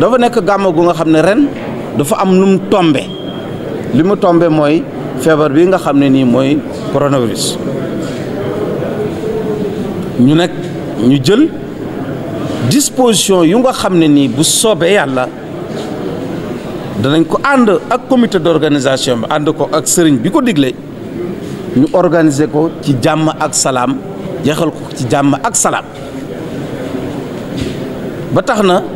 dafa nekk gàmmu gu nga xam ne ren dafa am nu tombe li mu tombe mooy feebar bi nga xam ne nii mooy coronavirus ñu nekk ñu jël disposition yu nga xam ne nii bu soobee yàlla danañ ko ànd ak comité d'organisation bi ànd ko ak sëriñ bi ko digle ñu organise ko ci jàmm ak salaam jeexal ko ci jàmm ak salaam ba tax na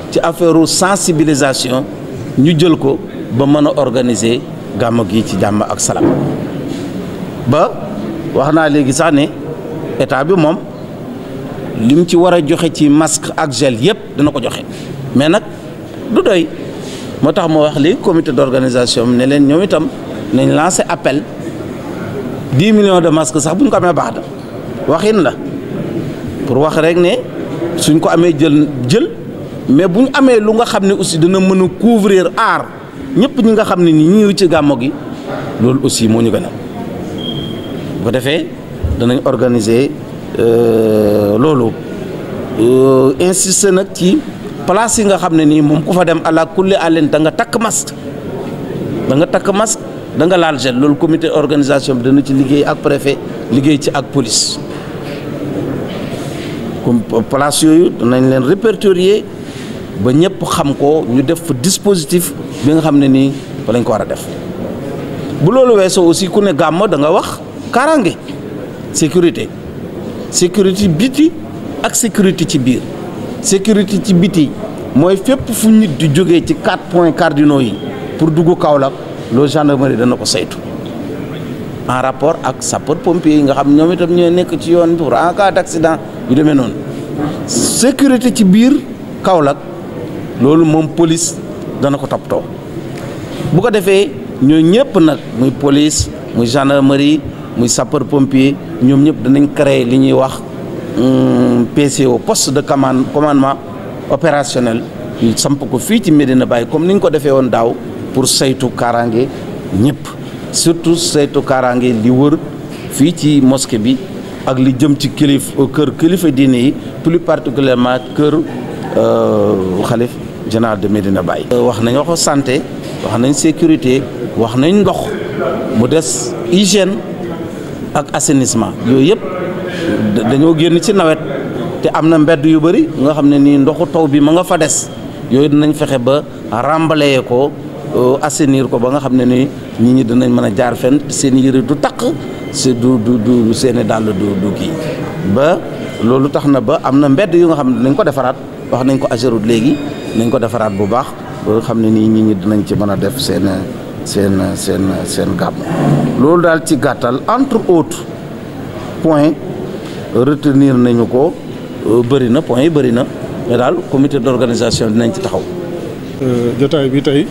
ci affaire sensibilisation ñu jël ko ba mën a organiser gàmmu gi ci jàmm ak salaam ba wax naa léegi sax ne état bi moom lim ci war a ci masque ak gel yëpp dina ko joxe mais nag du doy moo tax wax léegi comité d'organisation ne leen ñoom itam nañ lancé appel dix millions de masques sax bu ñu ko amee baax waxin la pour wax rek ne suñ ko amee jël jël. mais buñ amé lu nga xamné aussi dana mëna couvrir art ñepp ñi nga xamné ne ni ñëw ci gamo gi lool aussi moo ñu bu ko defee danañ organiser euh, loolu euh, insister nak ci place yi nga xamné ni mom ku fa dem ala kulli alen da nga tak masque da nga tak masque da nga laal gel lool comité organisation bi dana ci liggéey ak préfet liggéey ci ak police comme place yoyu dañ leen répertorier ba ñepp xam ko ñu def dispositif bi nga xamne ni fa lañ ko wara def bu loolu weesoo aussi ku ne gamma da nga wax kaaraange sécurité sécurité biti ak sécurité ci biir sécurité ci biti moy fepp fu nit di joggé ci 4 points cardinaux yi pour duggu Kaolack lo gendarmerie dana ko saytu en rapport ak sapeur pompier yi nga xam ñom itam ñe nek ci yoon pour en cas d'accident yu non sécurité ci biir kaolak loolu moom police dana ko toppatoo bu ko defee ñoo ñëpp nag muy police muy gendarmerie muy sapeur pompier ñoom ñëpp danañ créer li ñuy wax PCO poste de commande commandement opérationnel samp ko fii ci Médina Baye comme ni ñu ko defee woon daaw pour saytu kaaraange ñëpp surtout saytu kaaraange li wër fii ci mosquée bi ak li jëm ci kilif kër kilifa diine yi plus particulièrement kër euh, xalif général de medina bay euh, wax nañ waxo santé wax nañ sécurité wax nañ ndox mu dess hygiène ak assainissement yoy yep dañu génn ci nawet te amna na mbedd yu bari nga xamné ni taw bi ma nga fa dess yoy dinañ fexé ba remblayer ko euh, assainir ko ba nga xamné ni nit ñi dinañ mëna jaar fenn seen yëre du tak si du du du seen dal du du ki ba lolu taxna ba amna mbedd yu nga xam dañ ko defaraat wax nañ ko nañ ko defaraat bu baax ba xam ne nii ñi ñi dinañ ci mën a def seen seen seen seen gàmmu loolu daal ci gàttal entre autres point retenir nañu ko euh, bëri na point yi bëri na mais daal comité d'organisation dinañ ci taxaw. Euh, jotaay bi tey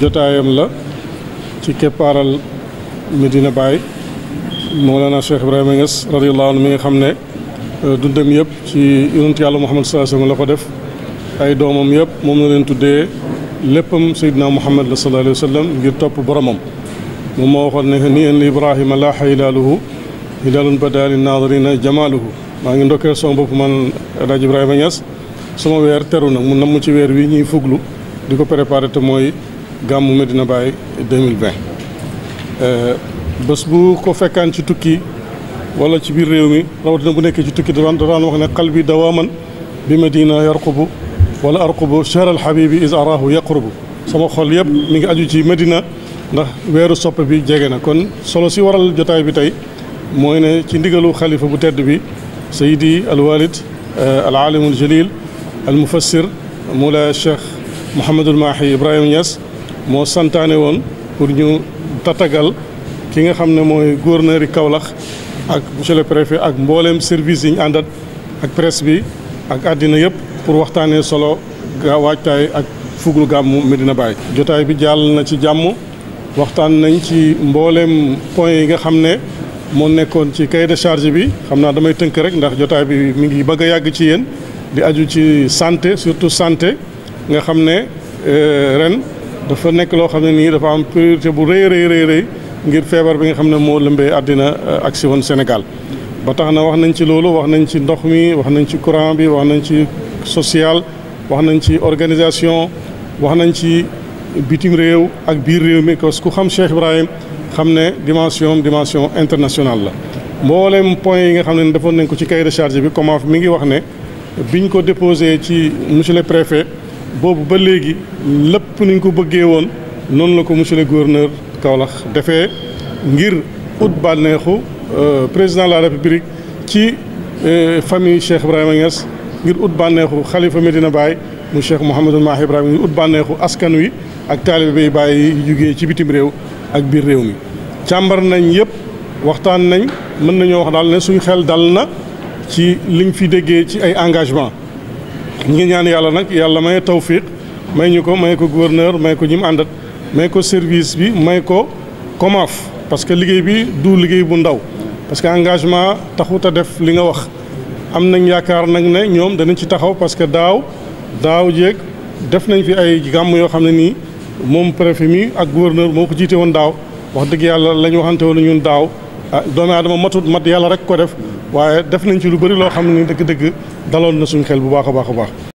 jotaayam la ci keppaaral Medina Baye Mawlana Cheikh Ibrahima Niass radiyallahu anhu mi ngi xam ne du euh, dundam yëpp ci yonent yàlla Muhammad sallallahu alayhi wa la ko def. ay doomam yëpp moom la leen tuddee léppam sayyidina muhammad la sallallahu alayhi wa sallam ngir topp boromam moom moo waxal ne ni en ibrahima la hilaaluhu hilaalun bada li naadirina jamaaluhu maa ngi ndokkeel sama bopp man rajo ibrahima Niass sama weer teru na mu namm ci weer wi ñuy fuglu di ko préparé te mooy gàmmu Medina bay 2020 bés bu ko fekkaan ci tukki wala ci biir réew mi rawatina bu nekkee ci tukki daan daan wax ne xal bi dawaaman bi Medina yarqubu ولا أرقب شهر الحبيب إذا أراه يقرب سما خليب من أجل مدينة ده غير صوب بي جعنا كون سلسي ورال جتاي بتاي موينة تندقلو خليفة بتاد بي سيدي الوالد آه، العالم الجليل المفسر مولا الشيخ محمد الماحي إبراهيم ياس مو سنتاني وون pour ñu tatagal ki nga xam ne mooy gouverneur kaolax ak monsieur le préfet ak mboolem service yi ñu àndat pour waxtaanee solo ga waajtaay ak fuglu gàmmu Medina Baye. jotaay bi jàll na ci jàmm waxtaan nañ ci mbooleem point yi nga xam ne moo nekkoon ci cahier de charge bi xam naa damay tënk rek ndax jotaay bi mi ngi bëgg a yàgg ci yéen di aju ci santé surtout santé nga xam ne euh, ren dafa nekk loo xam ne nii dafa am priorité bu rëy rëy rëy rëy ngir feebar bi nga xam ne moo lëmbee àddina euh, ak si woon Sénégal ba tax na wax nañ ci loolu wax nañ ci ndox mi wax nañ ci courant sociale wax nañ ci organisation wax nañ ci bitim réew ak biir réew mi parce que ku xam Cheikh Ibrahim xam ne dimension dimension internationale la. mboolem point yi nga xam ne defoon nañ ko ci cahier de charge bi comment mi ngi wax ne biñ ko déposé ci monsieur le préfet boobu ba léegi lépp niñ ko bëggee woon noonu la ko monsieur le gouverneur Kaolack defee ngir ut bànneexu euh, président de la république ci euh, famille Cheikh Ibrahima Niass. ngir ut bànneexu xalifa Medina Baye mu Cheikh Mouhamadul Mahi Ibrahima ngir ut bànneexu askan wi ak taalibe bay bàyyi yi jugee ci bitim réew ak biir réew mi càmbar nañ yëpp waxtaan nañ mën nañoo wax daal ne suñ xel dal na ci liñ fi déggee ci ay engagement ñi ngi ñaan yàlla nag yàlla may tawfiq may ñu ko may ko gouverneur may ko ñi mu àndat may ko service bi may ko COMAF parce que liggéey bi du liggéey bu ndaw parce que engagement taxut a def li nga wax am nañ yaakaar nag ne ñoom danañ ci taxaw parce que daaw daaw jéeg def nañ fi ay gàmm yoo xam ne nii moom préfet mi ak gouverneur moo ko jiite woon daaw wax dëgg yàlla la ñu waxante woon ñun daaw ah doomi aadama matut mat yàlla rek ko def waaye def nañ ci lu bëri loo xam ne nii dëgg-dëgg daloon na suñ xel bu baax a baax a baax